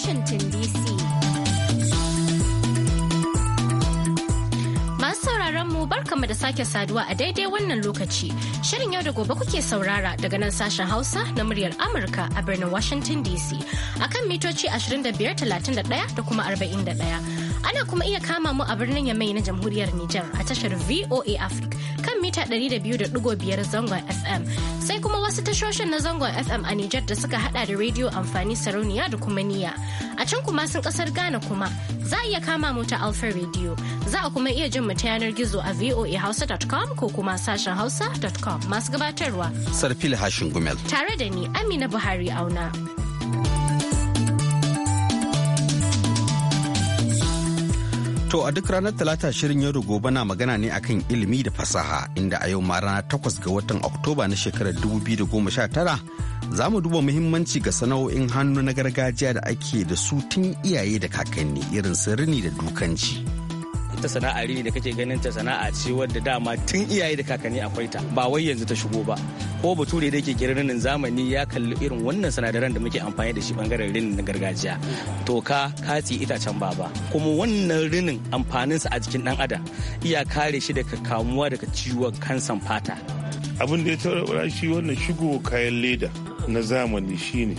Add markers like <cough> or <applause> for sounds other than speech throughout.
Washington DC. Masu sauraron mu barkamu da sake saduwa a daidai wannan lokaci. Shirin yau da gobe kuke saurara daga nan sashen Hausa na muryar Amurka a birnin Washington DC akan mitoci 2531 da kuma 41. Ana kuma iya kama mu a birnin Yamai na Jamhuriyar Nijar a tashar VOA Africa kan mita 200.5 zangon FM sai kuma wasu tashoshin na zangon FM a Nijar da suka hada da rediyo amfani sarauniya da kuma niya. A can kuma sun kasar Ghana kuma za a iya kama mu ta Alpha Radio. Za a kuma iya jin mu ta yanar gizo a voahausa.com ko kuma sashen hausa.com masu gabatarwa. Sarfil Hashin Gumel. Tare da ni Amina Buhari Auna. To a duk ranar Talata shirin yau gobe na magana ne akan ilimi da fasaha inda a yau ma rana takwas ga watan Oktoba na shekarar 2019 za mu duba muhimmanci ga sana'o'in hannu na gargajiya da ake da su tun iyaye da kakanni irin sirrini da dukanci. Ita sana'a rini da kake ganin ta sana'a ce wadda dama tun iyaye da kakanni akwai ta ba wai yanzu ta shigo ba. ko bature da yake rinin zamani ya kalli irin wannan sinadaran da muke amfani da shi bangaren rinin na gargajiya toka katsi itacen baba kuma wannan rinin amfaninsa a jikin dan adam iya kare shi daga kamuwa daga ciwon kansan fata abin da ya taura shi wannan shigo kayan leda na zamani shine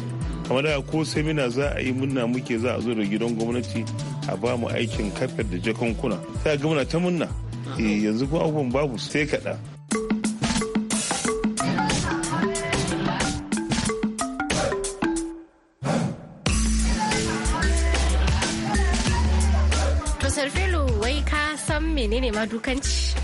kamar da ko semina za a yi munna muke za a zo da gidan gwamnati a ba mu aikin kafet da jakunkuna sai ga muna ta munna eh, yanzu kuma abubuwan babu sai kaɗa rayuwa dukanci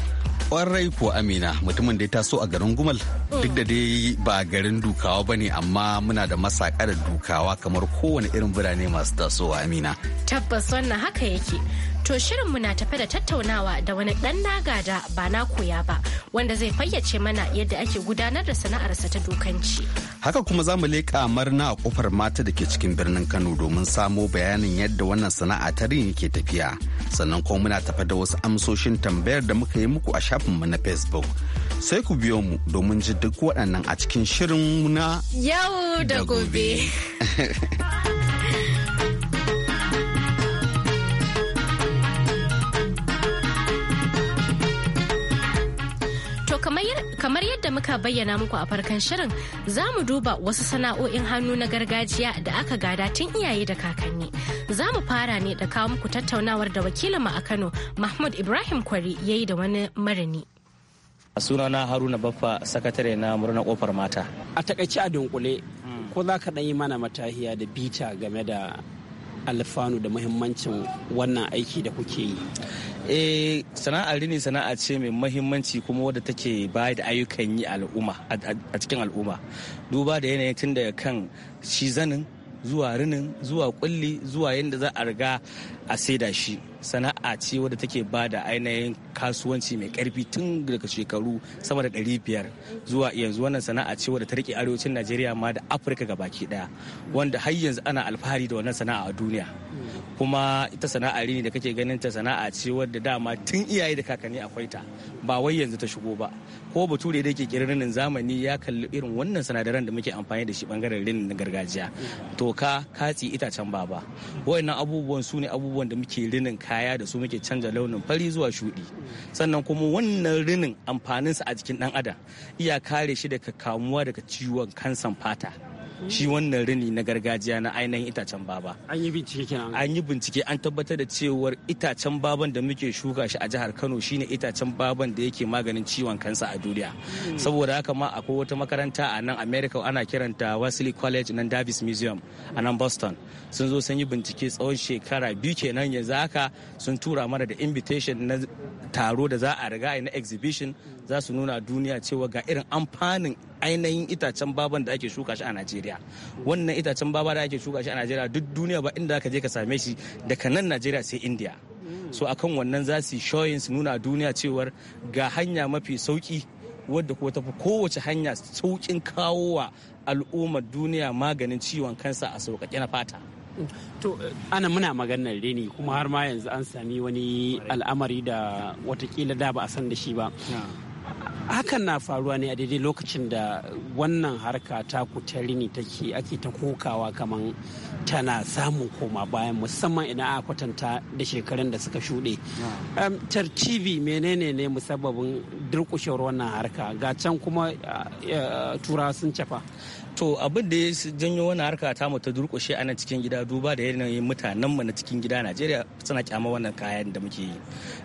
kwarai ko amina mutumin da ya taso a garin gumal duk da dai ba garin dukawa ba ne amma muna da masakar dukawa kamar kowane irin birane masu tasowa amina tabbas wannan haka yake To shirinmu na tafe da tattaunawa da wani ɗan nagada ba na koya ba wanda zai fayyace mana yadda ake gudanar da sana'arsa ta dokanci. Haka kuma za mu leƙa marna a kofar mata da ke cikin birnin Kano domin samo bayanin yadda wannan sana'a ta rin ke tafiya. Sannan kuma muna tafe da wasu amsoshin tambayar da muka yi muku a shafinmu na Facebook. Sai ku biyo mu domin ji duk waɗannan a cikin shirin na yau da gobe. <laughs> kamar yadda muka bayyana muku a farkon shirin za mu duba wasu sana'o'in hannu na gargajiya da aka gada tun iyaye da kakanni za mu fara ne da kawo muku tattaunawar da wakilin mu a kano mahmud ibrahim kwari ya yi da wani marini sunana haruna baffa sakatare na murnar kofar mata a takaice a dunkule ko za ka ɗan yi mana matahiya da bita game da alfanu da muhimmancin wannan aiki da kuke yi eh sana'a rini sana'a ce mai mahimmanci kuma wadda take bayar da ayyukan yi a cikin al'umma duba da yanayin tun daga kan shi zanin zuwa rinin zuwa kulli zuwa yadda za a riga a saida shi sana'a ce wadda take ba da ainihin kasuwanci mai karfi tun daga shekaru sama da biyar zuwa yanzu wannan sana'a ce wadda ta rike arewacin najeriya ma da afirka ga baki daya wanda har yanzu ana alfahari da wannan sana'a a duniya kuma ita sana'a rini da kake ganin ta sana'a ce wadda dama tun iyaye da kakanni akwai ta ba wai yanzu ta shigo ba ko bature da yake kirinin zamani ya kalli irin wannan sinadaran da muke amfani da shi bangaren rinin na gargajiya ka katsi itacen baba wayannan abubuwan su ne abubuwan abubuwan da muke rinin kaya da su muke canza launin fari zuwa shuɗi sannan kuma wannan rinin amfaninsa a jikin ɗan adam iya kare shi daga kamuwa daga ciwon kansan fata shi wannan rini na gargajiya na ainihin itacen baba an yi bincike kenan an yi bincike an tabbatar da cewar itacen baban da muke shuka shi a jihar Kano shine itacen baban da yake maganin ciwon kansa a duniya hmm. saboda haka ma akwai wata makaranta a nan America ana kiranta Wesley College nan Davis Museum a nan Boston sun zo sun yi bincike tsawon shekara biyu kenan yanzu haka sun tura mana da invitation na taro da za a riga na exhibition za su nuna duniya cewa ga irin amfanin ainihin itacen baban da ake shuka shi a Najeriya wannan itacen baba da ake shuka shi a Najeriya duk duniya ba inda ka je ka same shi daga nan Najeriya sai India so akan wannan za su yi su nuna duniya cewar ga hanya mafi sauki wadda ko tafi kowace hanya saukin kawo wa al'ummar duniya maganin ciwon kansa a sauƙaƙe na fata to ana muna maganar reni kuma har ma yanzu an sami wani al'amari da watakila da ba a san da shi ba hakan na faruwa ne a daidai lokacin da wannan harka ta kutarini take ake ta kokawa kamar tana samun koma bayan musamman idan a kwatanta da shekarun da suka shuɗe tartibi menene ne musabbabin durƙushewar wannan harka ga can kuma ah, turawa sun cafa to abin da ya janyo wani harka ta mu ta durƙushe a nan cikin gida duba da yanayin mutanen mu na cikin gida Najeriya suna kyama wannan kayan da muke yi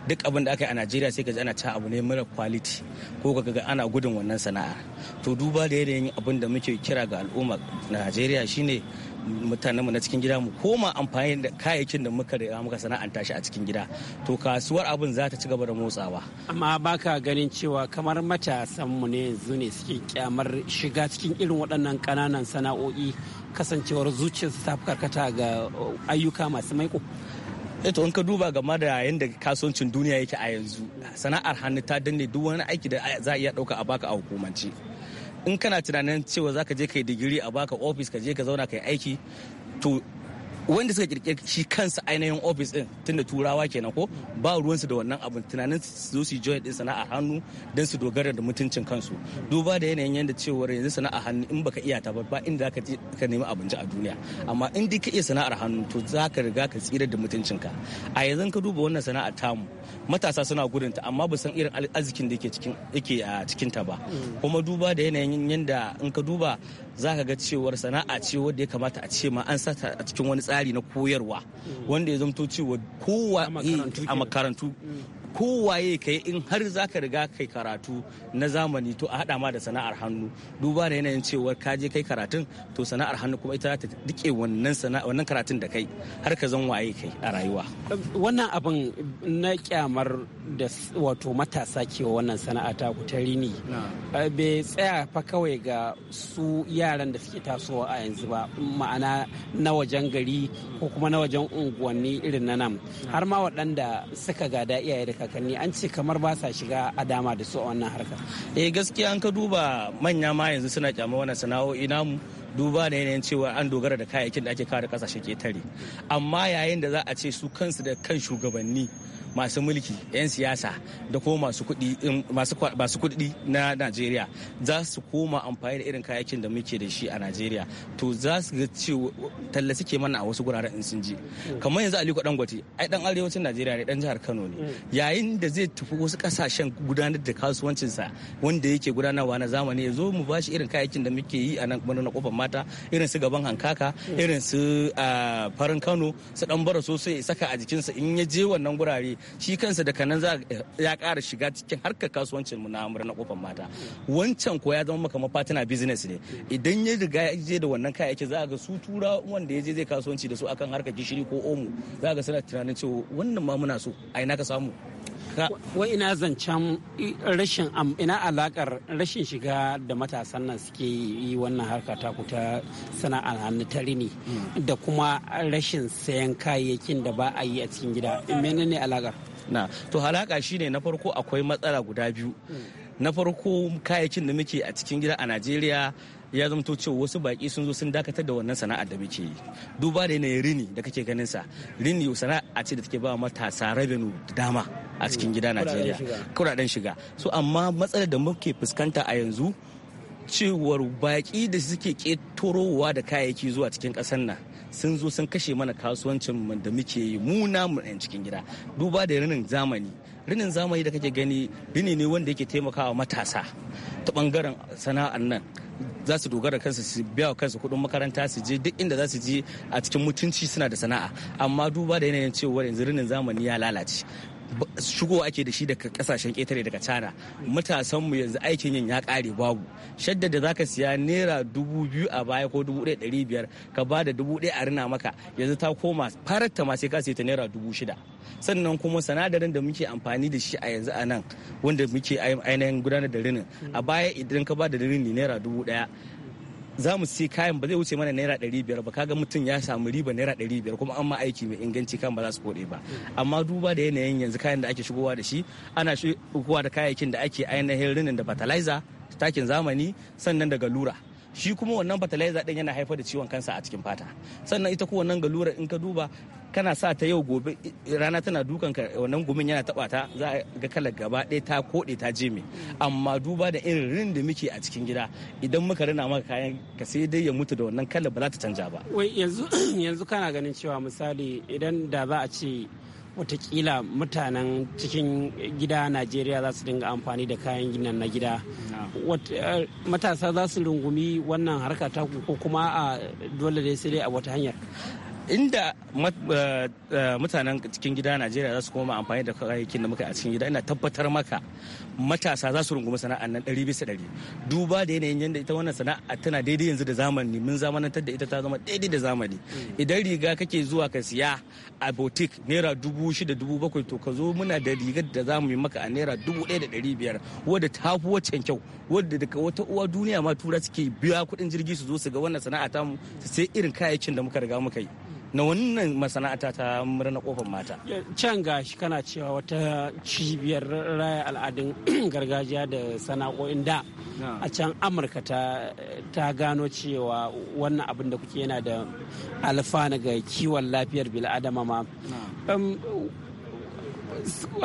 duk abin da aka yi a Najeriya sai ka ji ana ci abu ne mara kwaliti ko ka ga ana gudun wannan sana'a to duba da yanayin abin da muke kira ga al'umma Najeriya shine mutanenmu na cikin gida mu koma amfani da kayayyakin da muka riga muka sana'anta shi a cikin gida to kasuwar abin za ta ci gaba da motsawa amma baka ganin cewa kamar matasan mu ne yanzu ne suke kyamar shiga cikin irin waɗannan ƙananan sana'o'i kasancewar zuciyarsu ta karkata ga uh, ayyuka masu maiko eto eh in ka duba game da yadda kasuwancin duniya yake a yanzu sana'ar hannu ta danne duk wani aiki da za a iya ɗauka a baka a hukumance in kana tunanin cewa za ka je ka yi digiri a baka ofis ka je ka zauna ka yi aiki to wanda suka kirkir shi kansa ainihin ofis din tunda turawa kenan ko ba ruwansu da wannan abin tunanin su zo su join din sana'a hannu don su dogara da mutuncin kansu duba da yanayin yadda cewar yanzu sana'a hannu in baka iya ta ba ba inda zaka ka nemi abinci a duniya amma in dai ka iya sana'ar hannu to za ka riga ka tsira da mutuncinka a yanzu ka duba wannan sana'a tamu matasa suna gudunta amma ba san irin arzikin da yake cikin a cikin ta ba mm. kuma duba da yanayin yadda in ka duba za ka ga cewar sana'a ce wadda ya kamata a ce ma an sata a cikin wani tsari na koyarwa mm. wanda ya zamto cewa kowa a eh, makarantu kowaye kai in har za ka riga kai karatu na zamani to a haɗa ma da sana'ar hannu duba da yanayin cewa ka je kai karatun to sana'ar hannu kuma ita ta dike wannan wannan karatun da kai har ka zan waye kai a rayuwa wannan abin na kyamar da wato matasa ke wannan sana'a ta ku ta eh, bai tsaya fa kawai ga su yaran da suke tasowa a yanzu ba ma'ana na wajen gari ko kuma na wajen unguwanni irin na nan har ma waɗanda suka gada iyaye da kakanni an ce kamar ba sa shiga a dama da su a wannan harkar eh gaskiya an ka duba manya ma yanzu suna kyama wannan sana'o'i namu duba da yanayin cewa an dogara da kayayyakin da ake kawo da kasashe ketare amma yayin da za a ce su kansu da kan shugabanni masu mulki 'yan siyasa da kuma masu kuɗi na najeriya za su koma amfani da irin kayakin da muke da shi a najeriya to za su ga cewa talla suke mana a wasu guraren in sun ji kamar yanzu aliko dangote ai dan arewacin najeriya ne dan jihar kano ne yayin da zai tafi wasu kasashen gudanar da kasuwancinsa wanda yake gudanarwa na zamani ya zo mu bashi irin kayakin da muke yi a nan kuma na kofar mata irin su gaban hankaka irin su farin kano su dan bara sai saka a jikinsa in ya je wannan gurare shi kansa da kanan ya kara shiga cikin harkar kasuwancin mu na amurna kofar mata wancan ko ya zama maka mafatina business ne idan ya riga ya je da wannan kayayyaki za a ga su tura wanda ya je zai kasuwanci da su akan harkar gishiri ko omo za ga suna tunanin cewa wannan ma muna so a ina ka samu wa ina zancen rashin ina alakar rashin shiga da matasan nan suke yi wannan harka ta ta sana'ar hannu ta rini hmm. da kuma rashin sayan kayayyakin da ba a yi a cikin gida menene alakar na to halaka shine na farko akwai matsala guda biyu hmm. na farko kayayyakin da muke a cikin gida a najeriya ya zamto cewa wasu baki sun zo sun dakatar da wannan sana'ar da muke yi duba da yanayin rini da kake ganin sa rini sana'a ce da take ba matasa rabinu da dama a cikin gida najeriya kuraɗen shiga so amma matsalar da muke fuskanta a yanzu cewar baƙi da suke ƙetorowa da kayayyaki zuwa cikin ƙasar nan sun zo sun kashe mana kasuwancin da muke yi mu namu ɗan cikin gida duba da rinin zamani rinin zamani da kake gani rini ne wanda yake taimakawa matasa ta ɓangaren sana'ar nan za su dogara kansu su biya wa kansu kuɗin makaranta su je duk inda za su je a cikin mutunci suna da sana'a amma duba da yanayin cewa yanzu rinin zamani ya lalace shigo ake da shi daga kasashen ƙetare daga China matasan mu yanzu aikin yin ya kare babu shadda da zaka siya naira dubu biyu a baya ko dubu ɗaya ɗari biyar ka ba da dubu ɗaya a rina maka yanzu ta koma farata ma sai ka siya ta naira dubu shida sannan kuma sanadarin da muke amfani da shi a yanzu a nan wanda muke ainihin gudanar da rinin a baya idan ka ba da rinin naira dubu ɗaya za mu sai kayan ba zai wuce mana naira ɗari biyar ba kaga mutum ya samu riba naira ɗari biyar kuma an ma aiki mai inganci kan ba za su koɗe ba amma duba da yanayin yanzu kayan da ake shigowa da shi ana shigowa da kayayyakin da ake ainihin rinin da fertilizer takin zamani sannan daga lura shi kuma wannan fertilizer din yana haifar da ciwon kansa a cikin fata sannan ita ko wannan galura in ka duba kana sa ta yau gobe rana tana dukan ka wannan gumin yana taba ta za a ga kalar gaba ɗaya ta koɗe ta jeme amma duba da irin rin da muke a cikin gida idan muka rina maka kayan ka sai dai ya mutu da wannan kalar ba za ta canja ba wai yanzu <clears throat> yanzu kana ganin cewa misali idan da za a ce watakila mutanen cikin gida najeriya za su dinga amfani da kayan ginin na gida eh, matasa za su rungumi wannan harka ta ko kuma a dole dai sai dai a wata hanyar inda eh, eh, mutanen cikin gida najeriya za su koma amfani da kayayyakin da muka a cikin gida ina tabbatar maka matasa za su rungumi sana'a nan ɗari bisa ɗari duba da yanayin yadda ita wannan sana'a tana daidai yanzu da zamani mun zamanantar da ita ta zama daidai da zamani hmm. idan riga kake zuwa ka siya a boutique naira dubu shida dubu bakwai to ka zo muna da rigar da za mu yi maka a naira dubu ɗaya da ɗari biyar wadda ta fi waccan kyau wadda daga wata uwa duniya ma tura suke biya kuɗin jirgi su zo su ga wannan sana'a ta su sai irin kayayyakin da muka riga muka yi na wannan masana'anta ta murna kofar mata can gashi kana cewa wata cibiyar raya al'adun <clears throat> gargajiya da sana'o'in da a can amurka ta gano cewa wannan abin da kuke yana da alfana ga kiwon lafiyar bil'adama ma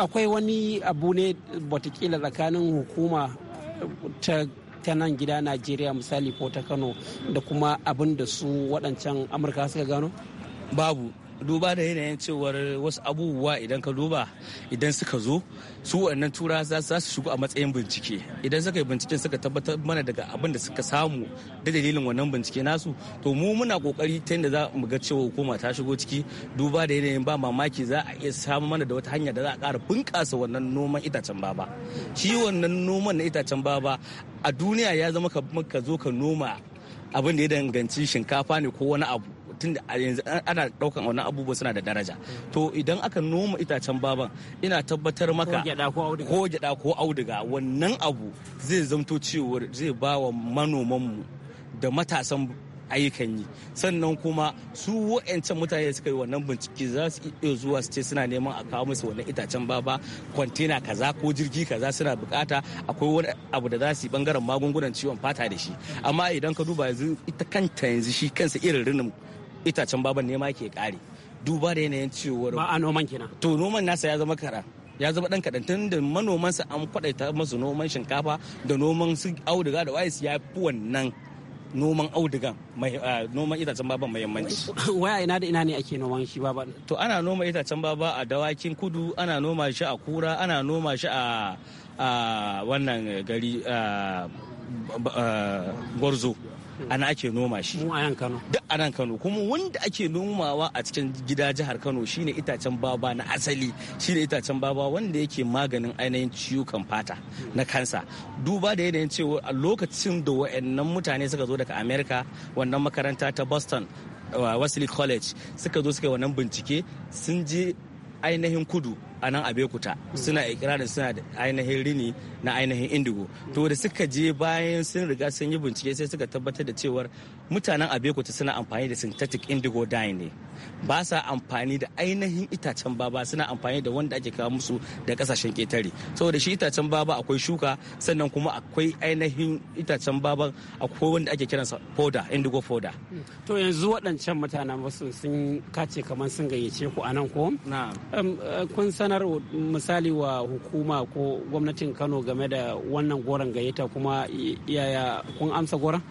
akwai wani abu ne watakila tsakanin hukuma ta ta nan gida najeriya misali ko ta kano da kuma abin da su waɗancan amurka suka gano babu duba da yanayin cewar wasu abubuwa idan ka duba idan suka zo su wannan tura za su shigo a matsayin bincike idan suka yi binciken suka tabbatar mana daga abin da suka samu da dalilin wannan bincike nasu to mu muna kokari ta yadda za mu ga cewa hukuma ta shigo ciki duba da yanayin ba mamaki za a iya samu mana da wata hanya da za a kara bunƙasa wannan noman itacen baba shi wannan noman na itacen baba a duniya ya zama ka zo ka noma abin da ya danganci shinkafa ne ko wani abu da yanzu ana daukan wannan abubuwa suna da daraja to idan aka noma itacen baban ina tabbatar maka ko gyada ko auduga wannan abu zai zamto cewar zai ba wa manomanmu da matasan ayyukan yi sannan kuma su wa'ancan mutane da suka yi wannan bincike za su iya zuwa su ce suna neman a kawo musu wannan itacen baba kwantena kaza ko jirgi kaza suna bukata akwai wani abu da za su yi bangaren magungunan ciwon fata da shi amma idan ka duba yanzu ita kanta yanzu shi kansa irin rinin itacen baban ne ma ke kare duba da yanayin cewar ba a noman kenan to noman nasa ya zama kara ya zama dan kadan tun da manoman sa an kwadaita masu noman shinkafa da noman su auduga da wayes ya fi wannan noman audugan mai noman itacen baba muhimmanci. <laughs> Waya ina da ina ne ake noman shi baba? To ana noma itacen baba a dawakin kudu, ana noma shi a kura, ana noma shi a wannan gari gwarzo. ana ake noma shi mu 'Yan Kano duk Kano kuma wanda ake nomawa a cikin gida jihar Kano shine itacen baba na asali shine itacen baba wanda yake maganin ainihin ciwukan fata na kansa duba da yanayin cewa a lokacin da wayannan mutane suka zo daga America wannan makaranta ta Boston uh, Wesley College suka zo suka yi wannan bincike sun je ainihin kudu a nan abekuta suna ikirarin suna da ainihin rini na ainihin indigo to da suka je bayan sun riga sun yi bincike sai suka tabbatar da cewar mutanen abekuta suna amfani da synthetic indigo dye ne ba sa amfani da ainihin itacen baba suna amfani da wanda ake kawo musu da kasashen ketare saboda shi itacen baba akwai shuka sannan kuma akwai ainihin itacen baba akwai wanda ake kiransa foda indigo foda to yanzu waɗancan mutanen sun kace kamar sun gayyace ku a nan ko um, uh, kun san sanar misali wa hukuma ko gwamnatin kano game da wannan goron gayyata kuma yaya kun amsa goron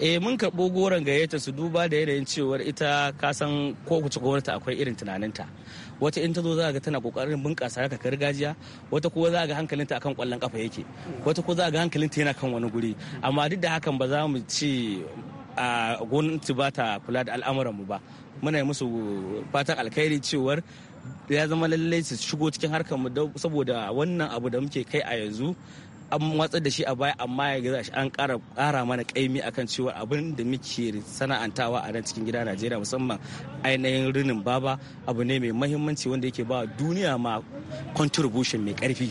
eh mun karɓo goron gayyata su duba da yanayin cewar ita kasan ko kuce gwamnati akwai irin tunaninta wata in ta zo za ga tana kokarin bunƙasa haka gargajiya wata kuwa za ga hankalinta akan kwallon kafa yake wata kuwa za ga hankalinta yana kan wani guri amma duk da hakan ba za mu ci a gwamnati ba ta kula da al'amuran mu ba muna musu fatan alkhairi cewar ya zama lallai su shigo cikin harkar mu saboda wannan abu da muke kai a yanzu an watsar da shi a baya amma ya gaza shi an kara mana kaimi akan cewa abin da muke sana'antawa a nan cikin gida Najeriya musamman ainihin rinin baba abu ne mai mahimmanci wanda yake ba duniya ma contribution mai karfi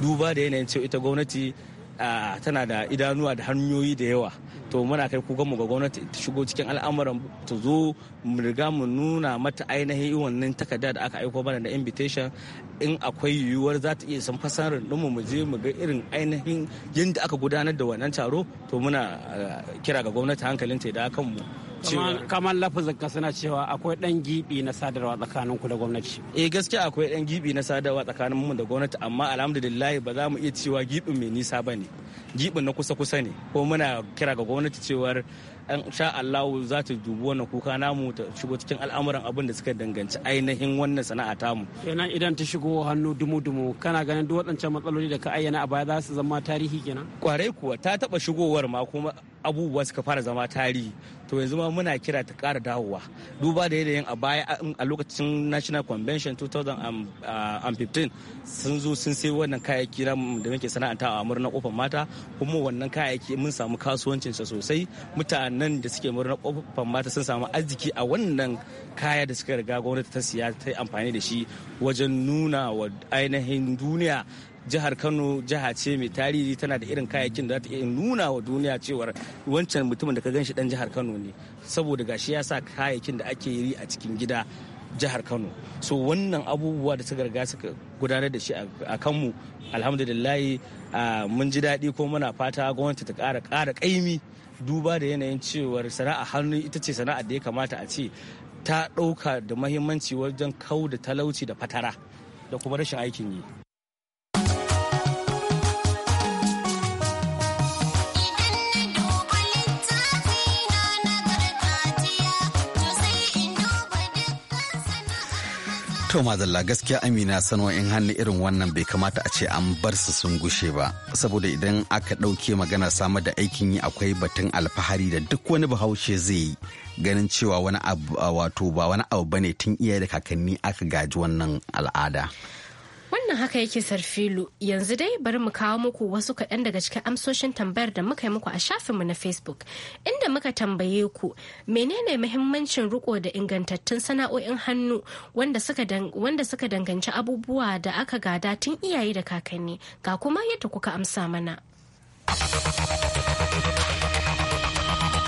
duba da yanayin cewa ita gwamnati tana da idanuwa da hanyoyi da yawa to muna kai kukan mu ga gwamnati ta shigo cikin al'amuran ta zo mu riga mu nuna mata ainihin wannan takarda da aka aiko mana da invitation in akwai yiwuwar za ta iya san fasarin ɗinmu mu je mu ga irin ainihin yadda aka gudanar da wannan taro to muna eh, kira ga gwamnati hankalin ta da mu. kamar lafazin ka suna cewa akwai dan gibi na sadarwa tsakanin ku da gwamnati eh gaskiya akwai dan gibi na sadarwa tsakanin mu da gwamnati amma alhamdulillah ba za mu iya cewa gibin mai nisa bane gibin na kusa kusa ne ko muna kira ga gwamnati cewar an sha Allah za ta dubi wannan kuka namu ta shigo cikin al'amuran abin da suka danganci ainihin wannan sana'a tamu. Kenan idan ta shigo hannu dumu-dumu kana ganin duk waɗancan matsaloli da ka ayyana a baya za su zama tarihi kenan? Kwarai kuwa ta taɓa shigowar ma kuma abubuwa suka fara zama tarihi to yanzu ma muna kira ta kara dawowa duba da yanayin a baya a lokacin national convention 2015 sun zo sun sai wannan kayayyaki da muke sana'anta a murnar kofar mata kuma wannan kayayyaki mun samu kasuwancin sa sosai mutanen da suke murnar kofar mata sun samu arziki a wannan kaya da suka riga gwamnati ta siya ta yi amfani da shi wajen nuna wa ainihin duniya jihar kano jiha ce mai tarihi tana da irin kayayyakin da za ta iya nuna wa duniya cewar wancan mutumin da ka gan shi dan jihar kano ne saboda gashi ya sa kayayyakin da ake yi a cikin gida jihar kano so wannan abubuwa da suka riga suka gudanar da shi a kanmu alhamdulillahi mun ji daɗi ko muna fata gwamnati ta ƙara ƙara ƙaimi duba da yanayin cewar sana'a hannu ita ce sana'a da ya kamata a ce ta ɗauka da mahimmanci wajen kau da talauci da fatara da kuma rashin aikin yi To mazalla gaskiya Amina in hannu irin wannan bai kamata a ce an bar su sun gushe ba saboda idan aka ɗauke magana samar da aikin yi akwai batun alfahari da duk wani bahaushe zai yi ganin cewa wani abu wato ba wani abu bane tun iyaye da kakanni aka gaji wannan al'ada. wannan haka yake sarfilu yanzu dai bari mu kawo muku wasu kaɗan daga cikin amsoshin tambayar da muka yi muku a shafinmu na facebook inda muka tambaye ku menene muhimmancin riko da ingantattun sana'o'in hannu wanda suka danganci abubuwa da aka gada tun iyaye da kakanni ga kuma yadda kuka amsa mana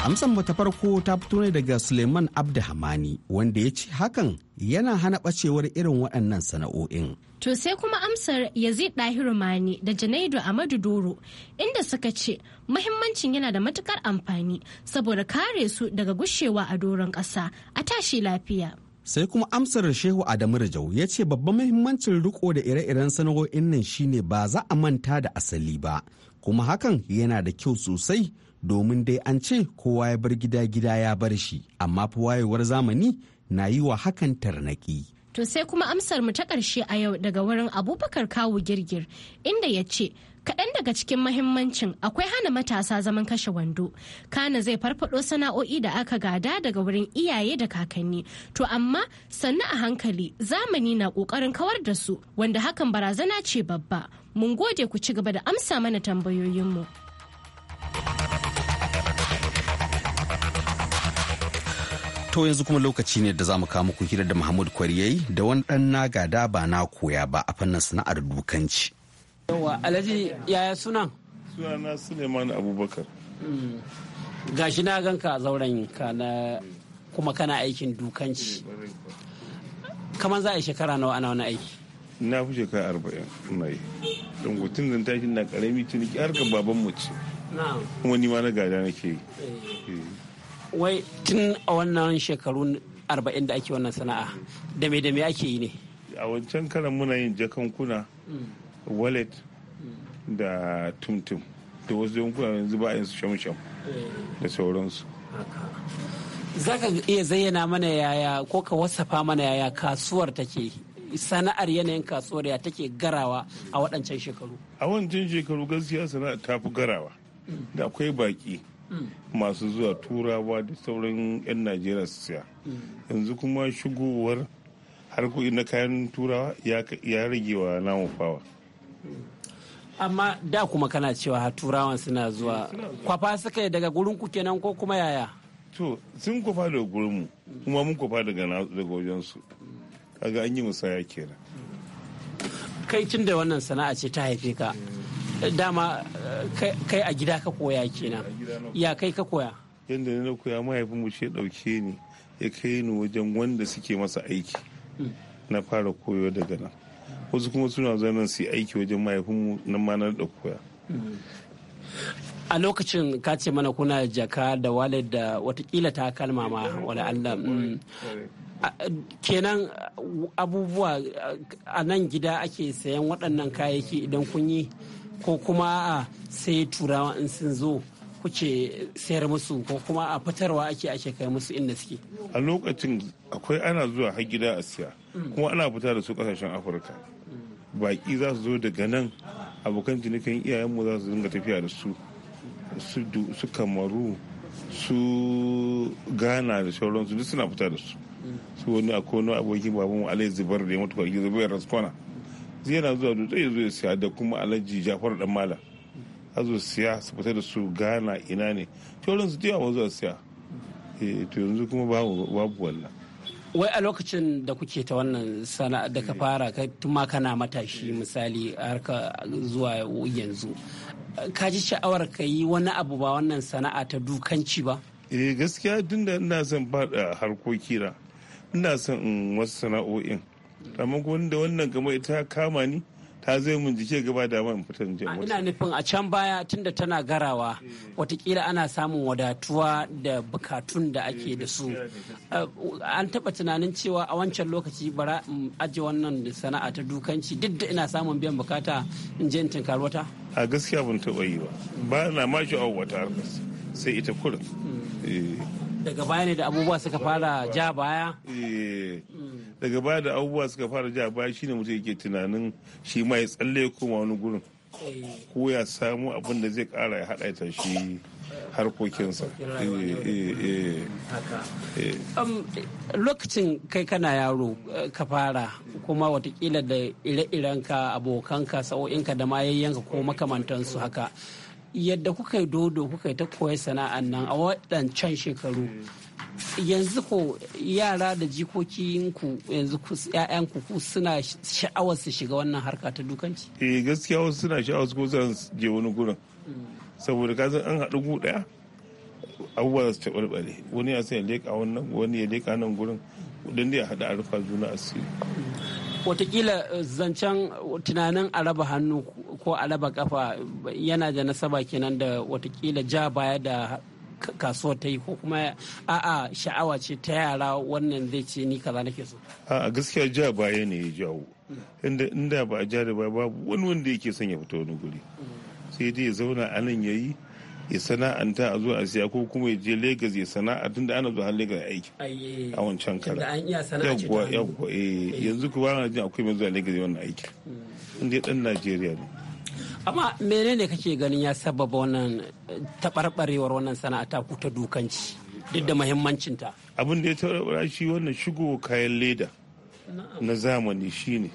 amsan mu ta farko ta fito ne daga suleiman abdulhamani wanda ya ce hakan yana hana ɓacewar irin waɗannan sana'o'in To sai kuma amsar Yazid Dahiru Mani da Janaidu Amadu Doro inda suka ce muhimmancin yana da matukar amfani saboda kare su daga gushewa a doron ƙasa a tashi lafiya. Sai kuma amsar Shehu Adamu Rajau ya ce babban muhimmancin riko da ire-iren sana'o'in nan shine ba za a manta da asali ba kuma hakan yana da kyau sosai domin dai an ce kowa ya bar gida gida ya bar shi amma fi wayewar zamani na yi wa hakan tarnaki. To sai kuma amsar mu ta ƙarshe a yau daga wurin abubakar kawo girgir inda ya ce kaɗan daga cikin mahimmancin akwai hana matasa zaman kashe wando kana zai farfado sana'o'i da aka gada daga wurin iyaye da kakanni to amma sannu a hankali zamani na ƙoƙarin kawar da su wanda hakan barazana ce babba mun gode ku ci gaba da amsa mana tambayoyinmu. To yanzu kuma lokaci ne da za mu kawo muku hira da Muhammad Kwari da wani ɗan naga da ba na koya ba a fannin sana'ar dukanci. Yawa Alhaji yaya sunan? Sunana Suleiman Abubakar. Hmm. Gashi na ganka a zauren ka na kuma kana aikin dukanci. kaman za a yi shekara nawa ana wani aiki? Na fi shekara arba'in ina yi. Don gutun zan tashi na karami ciniki ga babanmu ce. Kuma ni ma na gada nake yi. Eh. Hmm. wai tun a wannan shekarun arba'in da ake wannan sana'a da me da me ake yi ne a wancan karan muna yin jakankuna wallet da tumtum da wasu yankuna yanzu ba yin su shamsham da sauransu za ka iya zayyana mana yaya ko ka wasafa mana yaya kasuwar take sana'ar yanayin kasuwar ya take garawa a waɗancan shekaru a wancan shekaru gaskiya sana'a ta fi garawa da akwai baki masu zuwa turawa da sauran 'yan najeriya su siya yanzu kuma shigowar harkoki na kayan turawa ya rage wa namu amma da kuma kana cewa ha turawan eh, suna zuwa kwafa suka yi daga gurin ku kenan ko kuma yaya to sun kwafa daga gurin mu kuma mun kwafa daga wajensu kaga an yi musaya kenan kai tun da wannan sana'a ce ta haife ka dama eh, kai a gida ka koya kenan ya kai ka koya yadda na koya mahaifinmu ya ɗauke ni ya kai ni wajen wanda suke masa aiki na fara koyo daga nan wasu kuma suna zanen su aiki wajen mahaifinmu nan ma na da koya a lokacin ka ce mana kuna jaka da walid da watakila ta kalma ma wani Allah mm. kenan abubuwa a nan gida ake sayan waɗannan kayayyaki idan kun yi ko kuma a sai turawa in sun zo kuke sayar musu ko kuma a fitarwa ake ake kai musu inda suke a lokacin akwai ana zuwa har gida a siya kuma ana fita da su kasashen afirka baki za su zo daga nan abokan cinikin iyayenmu za su dinga tafiya da su su kamaru su ghana da sauransu duk suna fita da su su wani akwai wani abokin babanmu alai zubar da ya mutu kwarki zubar kwana. zai yana zuwa dutse ya zo ya siya da kuma alhaji jafar dan mala a zo siya su fita da su gana ina ne tauran su tiyawa zuwa siya eh, to yanzu kuma babu wannan wai a lokacin da kuke ta wannan sana'a da ka fara ka tuma kana matashi misali har ka zuwa yanzu ka ji sha'awar ka yi wani abu ba wannan sana'a ta dukanci ba eh gaskiya tunda ina son ba harkoki na ina son wasu sana'o'in amma wanda wannan gama ita kama ni ta zai mun jike gaba da man fitar jiya. ina nufin a can baya tunda tana garawa watakila ana samun wadatuwa da bukatun da ake da su eh, eh, an taba tunanin cewa a wancan lokaci bara in aje wannan sana'a ta dukanci duk da ina samun biyan bukata in je in tinkari wata a gaskiya ban taba yi ba ba na ma sha'awar wata harkar sai ita kurin eh. daga baya ne da abubuwa suka fara ja baya eh. daga baya da abubuwa suka fara ja baya shine mutum yake tunanin shi ma ya tsalle koma wani gurin eh. ko ya samu abin da zai kara ya haɗa shi harkokinsa um, lokacin kai kana yaro ka fara kuma watakila da ire-irenka abokanka sa'o'inka da mayayyanka ko makamantansu haka yadda kuka yi dodo kuka yi ta koya sana'an nan a waɗancan shekaru yanzu ko yara da jikokinku yanzu ku ku suna sha'awar su shiga wannan harka ta dukanci eh gaskiya wasu suna sha'awar su ko zan je wani gurin saboda ka san an haɗu gu ɗaya abubuwa za su taɓarɓare wani ya sai ya leƙa wannan wani ya leƙa nan gurin kudin da ya haɗa a rufa juna asiri watakila eh, zancen tunanin a raba hannu ko a raba kafa yana da nasaba kenan da watakila ja baya da kasuwa ta yi ko kuma a'a sha'awa ce ta yara wannan zai ce ni kaza nake so a gaskiya ja baya ne ya jawo inda ba a ja da baya babu wani wanda yake son ya fito wani guri sai dai ya zauna a nan yi. ya sana'anta a zo a siya ko kuma ya je Legas ya sana'a tun da ana zuwa har Legas aiki eh. a wancan kara yawwa yawwa eh yanzu ku ba jin akwai mai zuwa Legas wannan aiki hmm. Inda ya dan Najeriya ne amma menene kake ganin ya sababa wannan eh, taɓarɓarewar wannan sana'a ta kuta dukanci duk da muhimmancinta abin da ya taɓarɓara shi wannan shigo kayan leda na zamani shine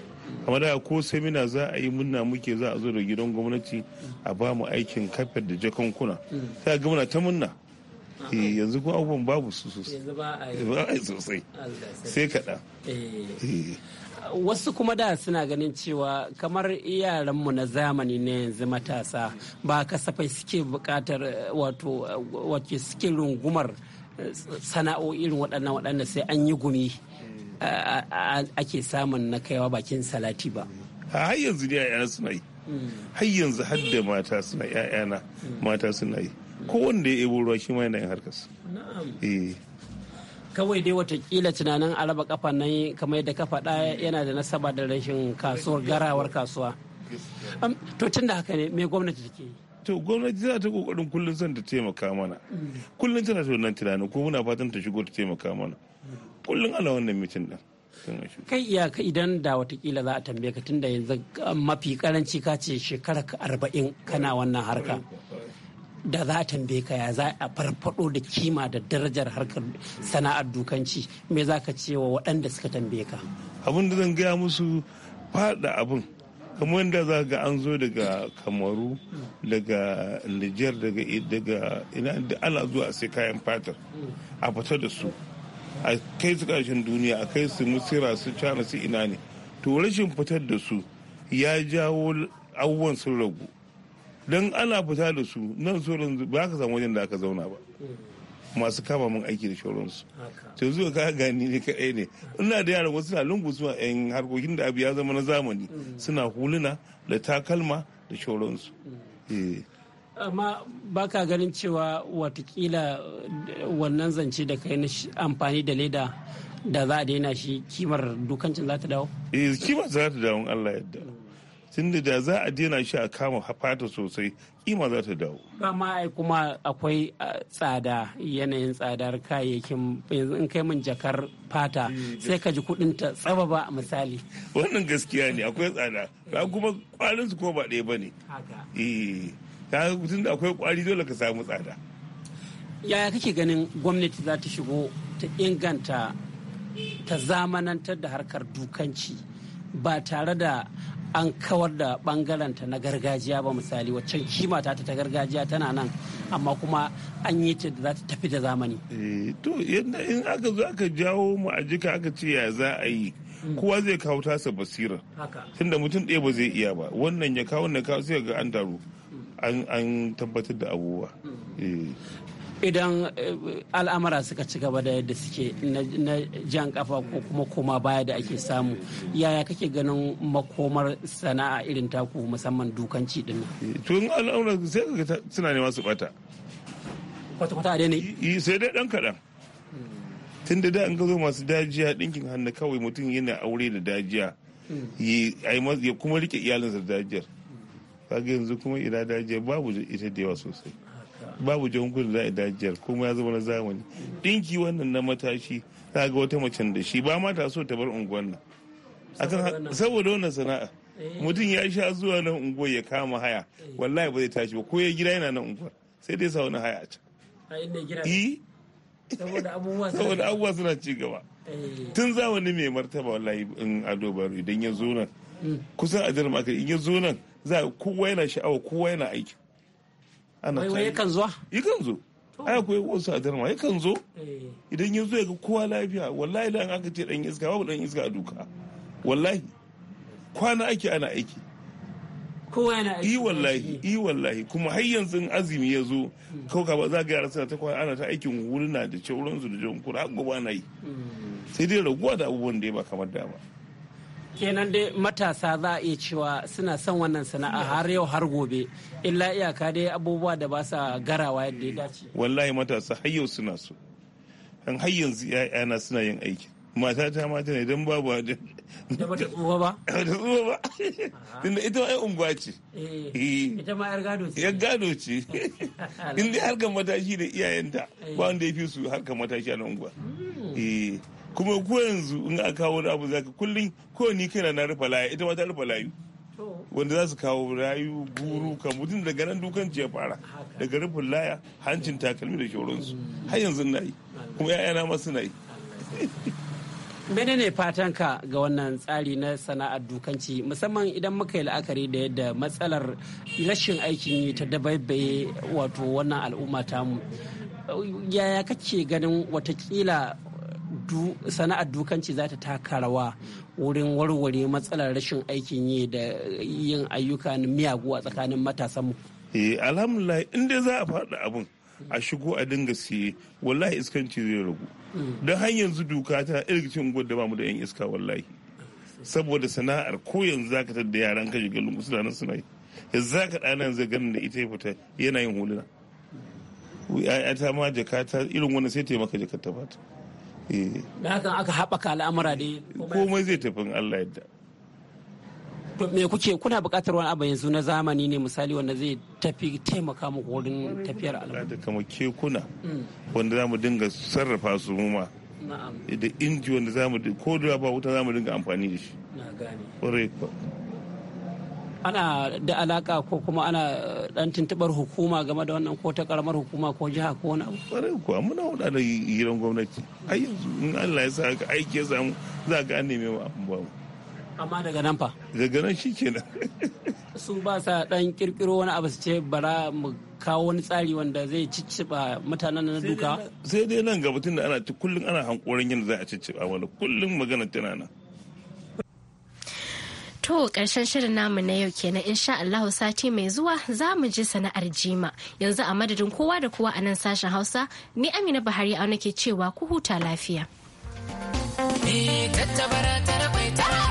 kamar da ko semina za a yi munna muke za a zo da gidan gwamnati a ba mu aikin kafet da jakankuna sai ga muna ta munna eh, yanzu kuma abubuwan babu su sosai sai kaɗa eh. eh. wasu kuma da suna ganin cewa kamar yaranmu na zamani ne yanzu matasa ba kasafai suke bukatar wato wace suke rungumar sana'o'i irin waɗannan sai an yi gumi ake samun na kaiwa bakin salati ba har yanzu ne 'ya'yana suna yi hmm. har yanzu har da mata suna ya'yana hmm. mata suna yi ko wanda ya ebo ruwa shi ma yana yin harkarsa eh. kawai dai watakila tunanin araba kafa nan kamar yadda kafa ɗaya yana da nasaba da rashin kasuwar garawar kasuwa to tun da haka ne me gwamnati take yi to gwamnati za ta kokarin kullum son ta taimaka mana hmm. kullum tana tunanin tunanin ko muna fatan ta shigo ta taimaka mana kullum ana wannan mitin din kai iyaka idan da watakila za a tambaye ka tun da yanzu ah, mafi karanci ka ce shekara arba'in kana wannan harka da za a tambaye ka ya za a farfado da kima da darajar harkar sana'ar dukanci me za ka ce wa waɗanda suka tambaye ka abin da zan gaya musu faɗa abin kamar yadda za ga an zo daga kamaru daga niger daga ina da ala zuwa sai kayan fatar a fita da su a kai su kashin duniya a kai su misira su cana su ina ne to rashin fitar da su ya jawo abubuwan sun ragu don ana fita da su nan tsoron ba ka samu wajen da aka zauna ba masu kama min aiki da shauransu to zuwa ka gani ne kaɗai ne ina da yaran wasu na lungu suna yan harkokin da abu ya zama na zamani mm. suna huluna da takalma da shauransu mm. eh. amma ba ka ganin cewa watakila eh, wannan zance da kai na amfani da leda da za a daina shi kimar dukancin za ta dawo? eh kimar za ta dawo Allah yadda tun da za a daina shi a kama fata sosai kima za ta dawo ma ai kuma akwai eh, tsada yanayin tsadar kayayyakin yanzu in kai min jakar fata hmm, sai ka ji kudin ta tsaba ba misali wannan gaskiya ne akwai tsada kuma kwarin su ko ba ɗaya ba ne eh. ka tun da akwai kwari dole ka samu tsada yaya kake ganin gwamnati za ta shigo ta inganta ta zamanantar da harkar dukanci ba tare da an kawar da bangaranta na gargajiya ba misali waccan kima ta ta gargajiya tana nan amma kuma an yi ta za ta tafi da zamani. Eh, to yadda in aka zo aka jawo mu a jika aka ce ya za a yi mm. kowa zai kawo tasa basira tunda mutum ɗaya ba zai iya ba wannan ya kawo na kawo sai ga an taru an tabbatar da abubuwa eh. idan eh, al'amura suka ci gaba da yadda suke na jan kafa ko kuma koma baya da ake samu yaya kake ganin makomar sana'a irin taku musamman dukanci din eh, tun al'amura sai ka suna nema su bata kwata-kwata a ne sai dai dan kaɗan tun da da an gazo masu dajiya ɗinkin hannu kawai mutum yana aure da dajiya hmm. ya kuma rike iyalinsa da dajiyar kaga yanzu kuma ina dajiyar babu ita da yawa sosai babu jankun za a dajiyar kuma ya zama na zamani dinki wannan na matashi za ga wata macen da shi ba ma ta so ta bar unguwan nan saboda wannan sana'a eh. mutum ya sha zuwa nan unguwar ya kama haya eh. wallahi ba zai tashi ba ko ya gida yana nan unguwar sai dai sa wani haya a can eh. saboda abubuwa suna ci gaba tun zamani mai martaba wallahi in ado idan ya zo nan mm. kusan a jirma in ya zo nan za kowa yana sha'awa kowa yana aiki ana wai yakan zuwa yakan zo ai akwai wasu a darma yakan zo eh. idan ya zo ya ga kowa lafiya wallahi da aka ce dan iska babu dan iska a duka wallahi kwana ake ana aiki kowa yana aiki i wallahi i wallahi kuma har yanzu azumi ya zo hmm. ka ba za ga yara suna ta kwana ana ta aikin wurina da cauransu da jankura har gobe na yi hmm. sai dai raguwa da abubuwan da ya ba kamar da ba kenan dai matasa za a iya cewa suna son wannan sana'a har yau har gobe illa iyaka dai abubuwa da ba sa garawa yadda ya dace wallahi matasa har yau suna so an har yanzu yana suna yin aiki mata ta mata ne don babu ba da <laughs> tsuwa ba tsuwa ba tunda ita ma unguwa ce eh, eh. ita ma yar gado ce yar gado ce <laughs> inda harkar matashi da iyayenta ba eh. wanda ya fi su harkar matashi a unguwa hmm. kuma ko yanzu in aka kawo wani abu zaka kullum ko ni kaina na rufa layu ita ma ta rufa layu wanda za su kawo rayu guru eh. kan mutum daga nan dukan ya fara daga rufin laya hancin takalmi da shauransu hmm. har yanzu na yi kuma ya'yana ma suna yi <laughs> menene fatanka ga wannan tsari na sana'ar dukanci musamman idan muka yi la'akari da yadda matsalar rashin aikin yi ta dabaibaye wato wannan al'umma tamu yaya kake ganin watakila sana'ar dukanci za ta taka rawa wurin warware matsalar rashin aikin yi da yin ayyuka na miyagu a tsakanin matasanmu. Eh alhamdulillah in dai za a faɗi abin a shigo a dinga siye wallahi iskanci zai ragu. Mm. Don har yanzu duka ta irgicin cikin da bamu da 'yan iska wallahi. Saboda sana'ar ko yanzu zaka da yaran ka shiga lungu suna nan suna yi. Yanzu zaka ɗana zai ganin da ita ya fita yana yin huluna. ta ma jaka ta irin wani sai taimaka jakar ta fata. Eh. da hakan aka haɓaka al'amura ne komai zai tafi Allah yadda me kuke kuna buƙatar wani abu yanzu na zamani ne misali wanda zai tafi taimaka muku wurin tafiyar al'amura da kamar kekuna mm. wanda za mu dinga sarrafa su mu ma da inji wanda za dinga ko da ba wuta mu dinga amfani da shi na gane ana da alaka ko kuma ana dan tuntubar hukuma game da wannan ko ta karamar hukuma ko jiha ko wani abu kwarai kuwa muna hudu da gidan gwamnati ai yanzu in Allah ya sa ka aiki ya samu za ka an neme abin ba amma daga nan fa daga nan kenan <laughs> su ba sa dan kirkiro wani abu su ce bara mu kawo wani tsari wanda zai cicciba mutanen na duka sai dai nan gabatun tunda ana kullum ana hankorin yin za a cicciba wani kullum magana tana nan To ƙarshen shirin namu na yau kenan insha Allahu sati mai zuwa za mu ji sana'ar jima. Yanzu a madadin kowa da kowa a nan sashen Hausa ni Amina Bahari a nake cewa ku huta lafiya. Ni eh, tattabara ta